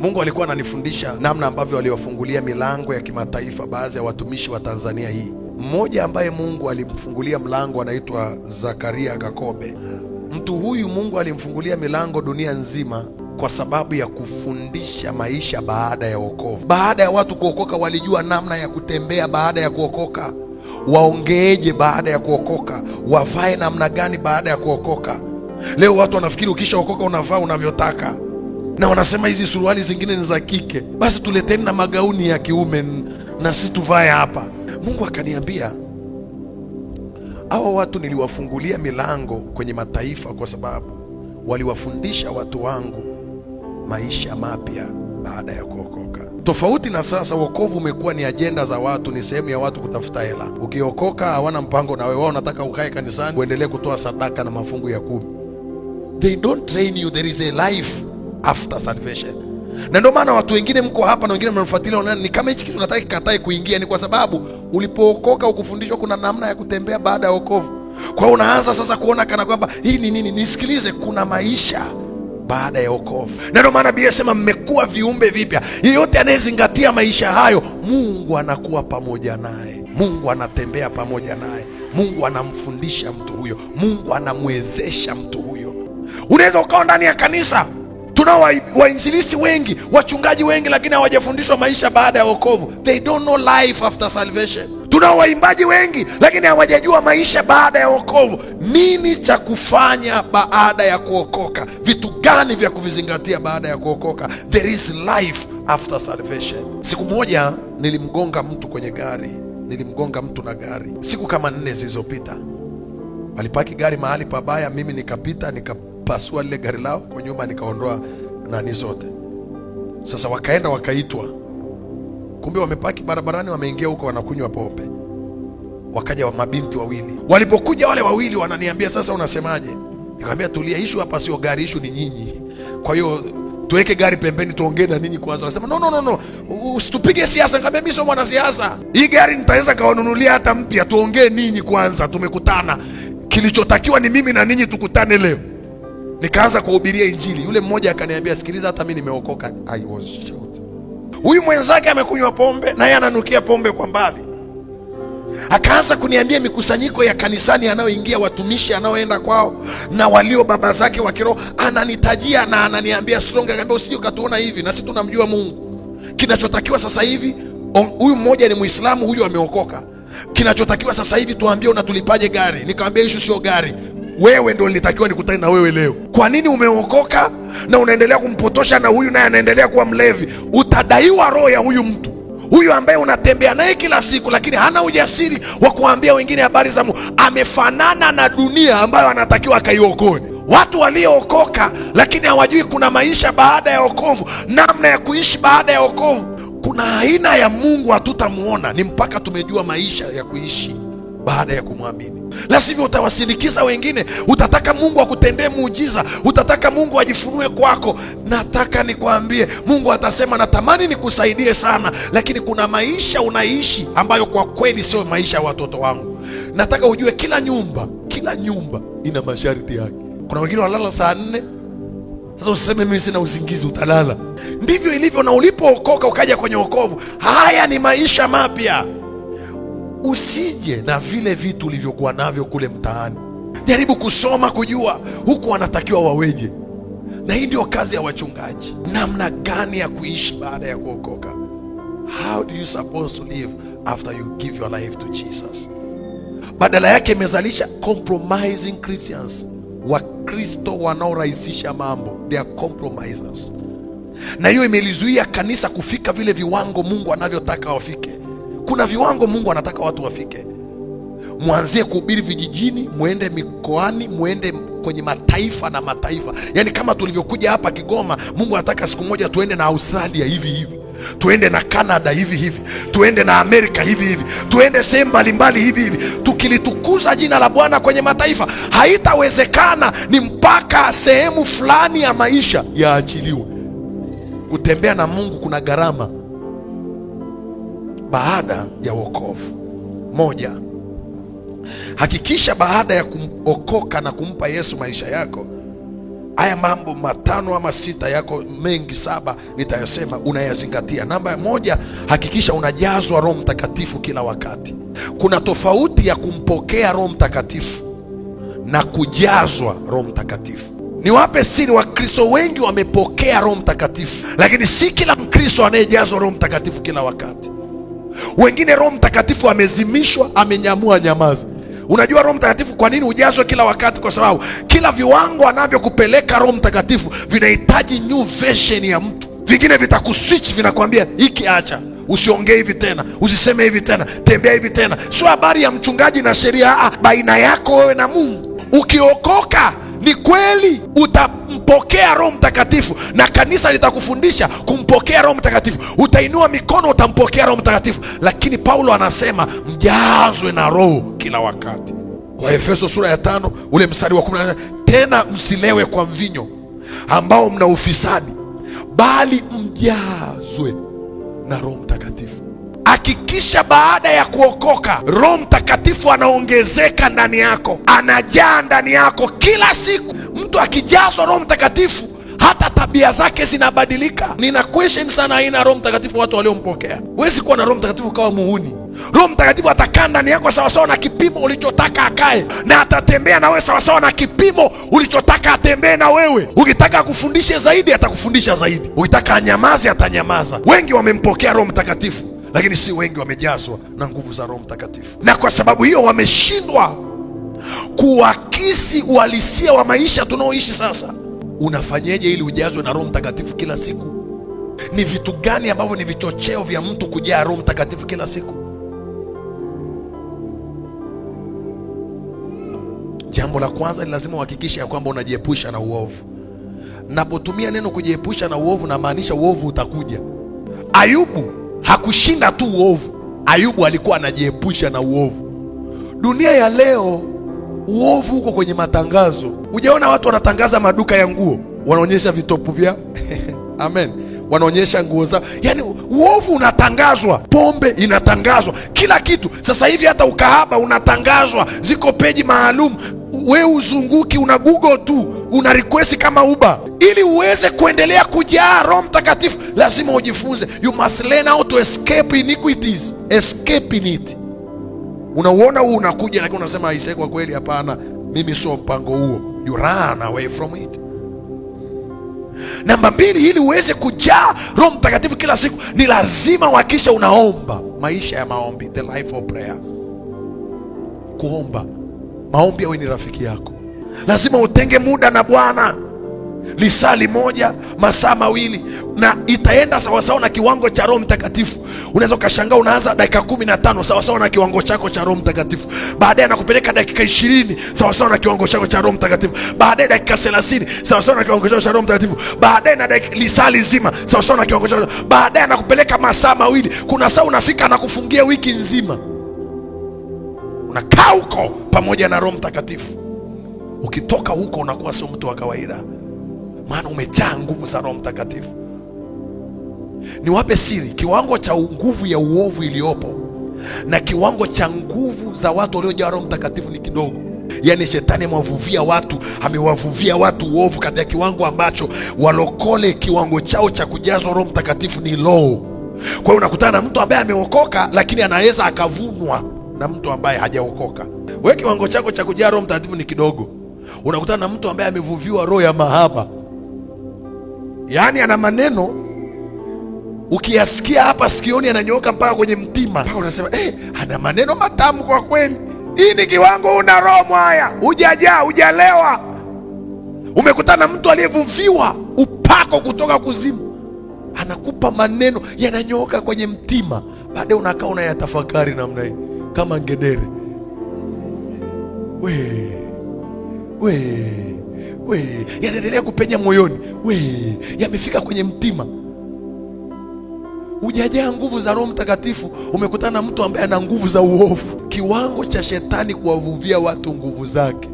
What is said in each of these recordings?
Mungu alikuwa ananifundisha namna ambavyo aliwafungulia milango ya kimataifa baadhi ya watumishi wa Tanzania hii. Mmoja ambaye Mungu alimfungulia mlango anaitwa Zakaria Kakobe. Mtu huyu Mungu alimfungulia milango dunia nzima kwa sababu ya kufundisha maisha baada ya wokovu. Baada ya watu kuokoka, walijua namna ya kutembea baada ya kuokoka, waongeeje baada ya kuokoka, wavae namna gani baada ya kuokoka. Leo watu wanafikiri ukishaokoka unavaa unavyotaka na wanasema hizi suruali zingine ni za kike, basi tuleteni na magauni ya kiume na si tuvae hapa. Mungu akaniambia hawa watu niliwafungulia milango kwenye mataifa, kwa sababu waliwafundisha watu wangu maisha mapya baada ya kuokoka. Tofauti na sasa, wokovu umekuwa ni ajenda za watu, ni sehemu ya watu kutafuta hela. Ukiokoka hawana mpango na wewe, wao wanataka ukae kanisani uendelee kutoa sadaka na mafungu ya kumi. They don't train you, there is a life after salvation. Na ndio maana watu wengine mko hapa na wengine mnafuatilia unaona ni kama hichi kitu nataka kikatae kuingia, ni kwa sababu ulipookoka ukufundishwa kuna namna ya kutembea baada ya wokovu. Kwa hiyo unaanza sasa kuona kana kwamba hii ni nini? Nisikilize, kuna maisha baada ya wokovu. Na ndio maana Biblia sema mmekuwa viumbe vipya. Yeyote anayezingatia maisha hayo, Mungu anakuwa pamoja naye, Mungu anatembea pamoja naye, Mungu anamfundisha mtu huyo, Mungu anamwezesha mtu huyo. Unaweza ukawa ndani ya kanisa Tunao wainjilisi wengi, wachungaji wengi, lakini hawajafundishwa maisha baada ya wokovu. They don't know life after salvation. Tunao waimbaji wengi, lakini hawajajua maisha baada ya wokovu. Nini cha kufanya baada ya kuokoka? Vitu gani vya kuvizingatia baada ya kuokoka? There is life after salvation. Siku moja nilimgonga mtu kwenye gari, nilimgonga mtu na gari siku kama nne zilizopita. Walipaki gari mahali pabaya, mimi nikapita nika nikapasua lile gari lao kwa nyuma, nikaondoa nani zote. Sasa wakaenda wakaitwa, kumbe wamepaki barabarani, wameingia huko wanakunywa pombe. Wakaja wa mabinti wawili. Walipokuja wale wawili wananiambia, sasa unasemaje? Nikamwambia tulia, ishu hapa sio gari, ishu ni nyinyi. Kwa hiyo tuweke gari pembeni, tuongee na ninyi kwanza. Wanasema no, no, no, no, usitupige siasa. Nikamwambia mimi sio mwanasiasa, hii gari nitaweza kawanunulia hata mpya, tuongee ninyi kwanza. Tumekutana, kilichotakiwa ni mimi na ninyi tukutane leo nikaanza kuhubiria Injili. Yule mmoja akaniambia, sikiliza, hata mimi nimeokoka. I was shocked. Huyu mwenzake amekunywa pombe, yeye ananukia pombe kwa mbali. Akaanza kuniambia mikusanyiko ya kanisani anayoingia, watumishi anaoenda kwao, na walio baba zake wa kiroho, ananitajia na ananiambia Stronga, akaniambia usije ukatuona hivi, na sisi tunamjua Mungu. Kinachotakiwa sasa hivi, huyu mmoja ni Muislamu, huyu ameokoka. Kinachotakiwa sasa hivi tuambie unatulipaje gari. Nikamwambia issue sio gari, wewe ndo nilitakiwa nikutane na wewe leo. Kwa nini umeokoka na unaendelea kumpotosha, na huyu naye anaendelea kuwa mlevi? Utadaiwa roho ya huyu mtu huyu ambaye unatembea naye kila siku, lakini hana ujasiri wa kuambia wengine habari za Mungu. Amefanana na dunia ambayo anatakiwa akaiokoe. Watu waliookoka lakini hawajui kuna maisha baada ya okovu namna ya kuishi baada ya okovu Kuna aina ya Mungu hatutamwona ni mpaka tumejua maisha ya kuishi baada ya kumwamini, la sivyo utawasindikiza wengine. Utataka Mungu akutendee muujiza, utataka Mungu ajifunue kwako. Nataka nikwambie, Mungu atasema natamani nikusaidie sana, lakini kuna maisha unaishi ambayo kwa kweli sio maisha ya watoto wangu. Nataka ujue kila nyumba, kila nyumba ina masharti yake. Kuna wengine walala saa nne. Sasa usiseme mimi sina usingizi, utalala. Ndivyo ilivyo, na ulipookoka ukaja kwenye wokovu, haya ni maisha mapya usije na vile vitu ulivyokuwa navyo kule mtaani. Jaribu kusoma kujua huku wanatakiwa waweje, na hii ndio kazi ya wachungaji, namna gani ya kuishi baada ya kuokoka. How do you supposed to live after you give your life to Jesus? Badala yake imezalisha compromising Christians, Wakristo wanaorahisisha mambo, they are compromisers, na hiyo imelizuia kanisa kufika vile viwango Mungu anavyotaka wafike. Kuna viwango Mungu anataka watu wafike. Mwanzie kuhubiri vijijini, mwende mikoani, mwende kwenye mataifa na mataifa. Yaani kama tulivyokuja hapa Kigoma, Mungu anataka siku moja tuende na Australia hivi hivi, tuende na Canada hivi hivi, tuende na Amerika hivi hivi, tuende sehemu mbalimbali hivi hivi, tukilitukuza jina la Bwana kwenye mataifa. Haitawezekana, ni mpaka sehemu fulani ya maisha yaachiliwe. Kutembea na Mungu kuna gharama baada ya wokovu. Moja, hakikisha baada ya kuokoka na kumpa Yesu maisha yako, haya mambo matano ama sita yako mengi saba nitayosema unayazingatia. Namba moja, hakikisha unajazwa Roho Mtakatifu kila wakati. Kuna tofauti ya kumpokea Roho Mtakatifu na kujazwa Roho Mtakatifu. Niwape siri, Wakristo wengi wamepokea Roho Mtakatifu, lakini si kila Mkristo anayejazwa Roho Mtakatifu kila wakati. Wengine Roho Mtakatifu amezimishwa, amenyamua nyamaza. Unajua Roho Mtakatifu kwa nini ujazwe kila wakati? Kwa sababu kila viwango anavyokupeleka Roho Mtakatifu vinahitaji new version ya mtu. Vingine vitakuswitch, vinakwambia hiki acha, usiongee hivi tena, usiseme hivi tena, tembea hivi tena. Sio habari ya mchungaji na sheria, ah, ah, baina yako wewe na Mungu. Ukiokoka ni kweli utampokea Roho Mtakatifu na kanisa litakufundisha kumpokea Roho Mtakatifu. Utainua mikono, utampokea Roho Mtakatifu, lakini Paulo anasema mjazwe na Roho kila wakati. Waefeso sura ya tano ule mstari wa 18, tena msilewe kwa mvinyo ambao mna ufisadi, bali mjazwe na Roho Mtakatifu. Hakikisha baada ya kuokoka Roho Mtakatifu anaongezeka ndani yako, anajaa ndani yako kila siku. Mtu akijazwa Roho Mtakatifu hata tabia zake zinabadilika. Nina question sana aina Roho Mtakatifu watu waliompokea. Huwezi kuwa na Roho Mtakatifu kawa muhuni. Roho Mtakatifu atakaa ndani yako sawasawa na kipimo ulichotaka akae, na atatembea na wewe sawasawa na kipimo ulichotaka atembee na wewe. Ukitaka akufundishe zaidi, atakufundisha zaidi. Ukitaka anyamaze, atanyamaza. Wengi wamempokea Roho Mtakatifu lakini si wengi wamejazwa na nguvu za Roho Mtakatifu, na kwa sababu hiyo wameshindwa kuakisi uhalisia wa maisha tunaoishi sasa. Unafanyeje ili ujazwe na Roho Mtakatifu kila siku? Ni vitu gani ambavyo ni vichocheo vya mtu kujaa Roho Mtakatifu kila siku? Jambo la kwanza ni lazima uhakikishe ya kwamba unajiepusha na uovu. Napotumia neno kujiepusha na uovu, namaanisha uovu utakuja. Ayubu hakushinda tu uovu. Ayubu alikuwa anajiepusha na uovu. Dunia ya leo uovu uko kwenye matangazo. Hujaona watu wanatangaza maduka ya nguo, wanaonyesha vitopu vyao amen, wanaonyesha nguo zao. Yaani uovu unatangazwa, pombe inatangazwa, kila kitu. Sasa hivi hata ukahaba unatangazwa, ziko peji maalum, we uzunguki, una google tu, una request kama uba ili uweze kuendelea kujaa Roho Mtakatifu, lazima ujifunze. You must learn how to escape iniquities, escape in it. Unauona huu unakuja, lakini unasema aisee, kwa kweli hapana, mimi sio mpango huo. You run away from it. Namba mbili, ili uweze kujaa Roho Mtakatifu kila siku, ni lazima uhakisha unaomba maisha ya maombi, the life of prayer. Kuomba maombi awe ni rafiki yako, lazima utenge muda na Bwana lisali moja masaa mawili, na itaenda sawasawa na kiwango cha Roho Mtakatifu. Unaweza ukashangaa, unaanza dakika kumi na tano sawasawa na kiwango chako cha Roho Mtakatifu, baadaye anakupeleka dakika ishirini sawasawa na kiwango chako cha Roho Mtakatifu, baadaye dakika thelathini sawasawa na kiwango chako cha Roho Mtakatifu, baadaye na lisali zima sawasawa na kiwango chako, baadaye anakupeleka masaa mawili. Kuna saa unafika anakufungia wiki nzima, unakaa huko pamoja na Roho Mtakatifu. Ukitoka huko unakuwa sio mtu wa kawaida maana umejaa nguvu za Roho Mtakatifu. Niwape siri, kiwango cha nguvu ya uovu iliyopo na kiwango cha nguvu za watu waliojaa Roho Mtakatifu ni kidogo. Yaani shetani amewavuvia watu, amewavuvia watu uovu katika kiwango ambacho walokole kiwango chao cha kujazwa Roho Mtakatifu ni low. Kwa hiyo unakutana na mtu ambaye ameokoka, lakini anaweza akavunwa na mtu ambaye hajaokoka. Wewe kiwango chako cha kujaa Roho Mtakatifu ni kidogo, unakutana na mtu ambaye amevuviwa roho ya mahaba Yaani ana maneno ukiyasikia hapa sikioni, ananyooka mpaka kwenye mtima, mpaka unasema eh, ana maneno matamu kwa kweli. Hii ni kiwango, una roho mwaya, hujajaa, hujalewa, umekutana mtu aliyevuviwa upako kutoka kuzimu, anakupa maneno yananyooka kwenye mtima, baadaye unakaa unayatafakari namna hii kama ngedere. We, we we, yanaendelea kupenya moyoni, we, yamefika kwenye mtima. Hujajaa nguvu za Roho Mtakatifu, umekutana na mtu ambaye ana nguvu za uovu, kiwango cha shetani kuwavuvia watu nguvu zake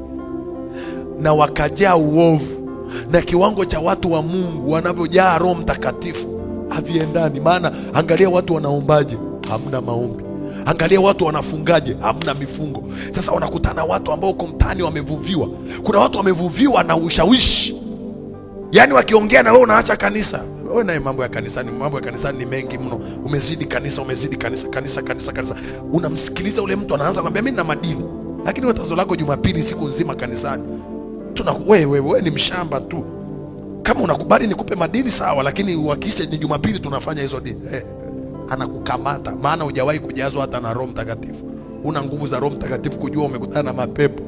na wakajaa uovu, na kiwango cha watu wa Mungu wanavyojaa Roho Mtakatifu haviendani. Maana angalia watu wanaombaje, hamna maombi Angalia watu wanafungaje, hamna mifungo. Sasa wanakutana watu ambao uko mtaani wamevuviwa. Kuna watu wamevuviwa na ushawishi, yaani wakiongea na wewe unaacha kanisa. Wewe naye mambo ya kanisani, mambo ya kanisani ni mengi mno. Umezidi kanisa, umezidi kanisa, kanisa, kanisa, kanisa. Unamsikiliza ule mtu anaanza kwambia mimi nina madini, lakini tazo lako Jumapili siku nzima kanisani. Tuna wewe wewe ni mshamba tu. Kama unakubali nikupe madini sawa, lakini uhakikishe ni Jumapili tunafanya hizo dini. Hey. Eh, anakukamata, maana hujawahi kujazwa hata na Roho Mtakatifu. Una nguvu za Roho Mtakatifu kujua umekutana na mapepo.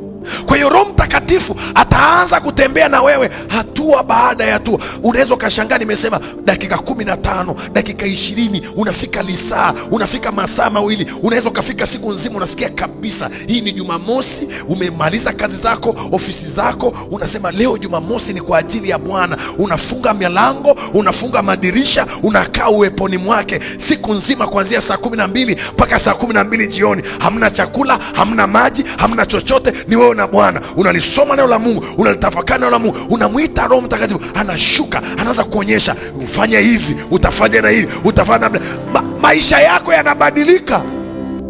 Kwa hiyo Roho Mtakatifu Mtakatifu ataanza kutembea na wewe hatua baada ya hatua. Unaweza ukashangaa, nimesema dakika kumi na tano, dakika ishirini, unafika lisaa, unafika masaa mawili, unaweza ukafika siku nzima. Unasikia kabisa hii ni Jumamosi, umemaliza kazi zako, ofisi zako, unasema leo Jumamosi ni kwa ajili ya Bwana. Unafunga milango, unafunga madirisha, unakaa uweponi mwake siku nzima, kuanzia saa kumi na mbili mpaka saa kumi na mbili jioni. Hamna chakula, hamna maji, hamna chochote, ni wewe na Bwana unalis unasoma neno la Mungu, unalitafakari neno la Mungu, unamwita Roho Mtakatifu, anashuka anaanza kuonyesha, ufanye hivi, utafanya na hivi, utafanya na Ma, maisha yako yanabadilika,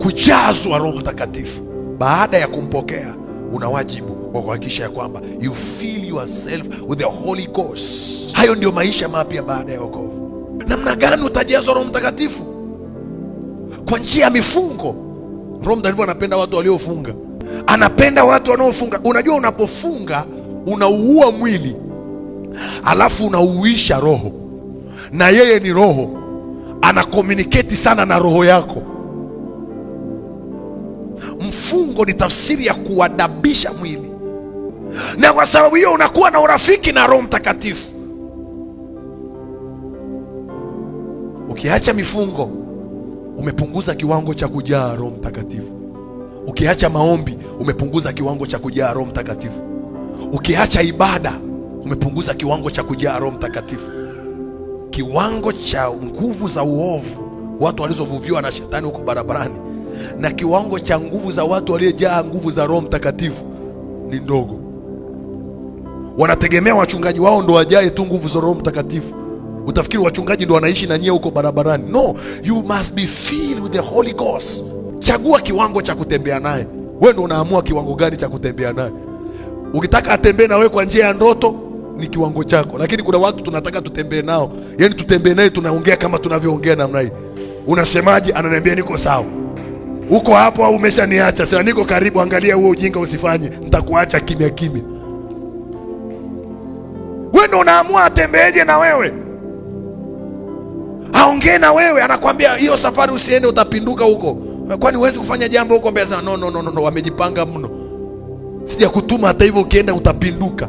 kujazwa Roho Mtakatifu. Baada ya kumpokea, una wajibu wa kuhakikisha ya kwamba you fill yourself with the Holy Ghost. Hayo ndiyo maisha mapya baada ya wokovu. Namna gani utajazwa Roho Mtakatifu? Kwa njia ya mifungo. Roho Mtakatifu anapenda watu waliofunga anapenda watu wanaofunga. Unajua, unapofunga unauua mwili alafu unauisha roho, na yeye ni roho, ana komuniketi sana na roho yako. Mfungo ni tafsiri ya kuadabisha mwili, na kwa sababu hiyo unakuwa na urafiki na Roho Mtakatifu. Ukiacha mifungo, umepunguza kiwango cha kujaa Roho Mtakatifu. Ukiacha maombi umepunguza kiwango cha kujaa Roho Mtakatifu. Ukiacha ibada umepunguza kiwango cha kujaa Roho Mtakatifu. Kiwango cha nguvu za uovu, watu walizovuviwa na shetani huko barabarani, na kiwango cha nguvu za watu waliojaa nguvu za Roho Mtakatifu ni ndogo. Wanategemea wachungaji wao ndo wajae tu nguvu za Roho Mtakatifu. Utafikiri wachungaji ndo wanaishi na nyie huko barabarani. No, you must be filled with the Holy Ghost. Chagua kiwango cha kutembea naye. Wewe ndio unaamua kiwango gani cha kutembea naye. Ukitaka atembee na wewe kwa njia ya ndoto ni kiwango chako, lakini kuna watu tunataka tutembee nao, yaani tutembee naye, tunaongea kama tunavyoongea namna hii. Unasemaje? Ananiambia niko sawa. Uko hapo au umeshaniacha? Sasa niko karibu. Angalia huo ujinga usifanye, nitakuacha kimya kimya. Wewe ndio unaamua atembeeje na wewe, aongee na wewe. Anakwambia hiyo safari usiende, utapinduka huko Kwani huwezi kufanya jambo huko mbele sana? No, no, no, no, wamejipanga mno. Sijakutuma hata hivyo, ukienda utapinduka.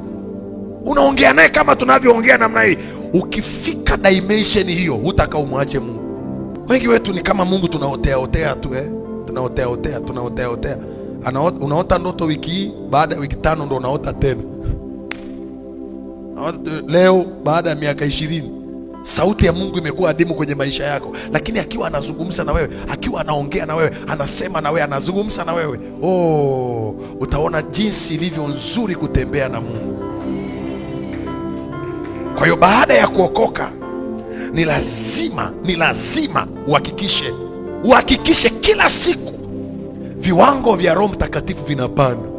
Unaongea naye kama tunavyoongea namna hii. Ukifika dimension hiyo, hutaka umwache Mungu. Wengi wetu ni kama Mungu, tunaotea otea tu eh, tunaotea otea, tunaotea otea. Anaota, unaota ndoto wiki hii, baada ya wiki tano ndo unaota tena, leo baada ya miaka ishirini Sauti ya Mungu imekuwa adimu kwenye maisha yako, lakini akiwa anazungumza na wewe, akiwa anaongea na wewe, anasema na wewe, anazungumza na wewe, oh, utaona jinsi ilivyo nzuri kutembea na Mungu. Kwa hiyo baada ya kuokoka ni lazima, ni lazima uhakikishe, uhakikishe kila siku viwango vya Roho Mtakatifu vinapanda.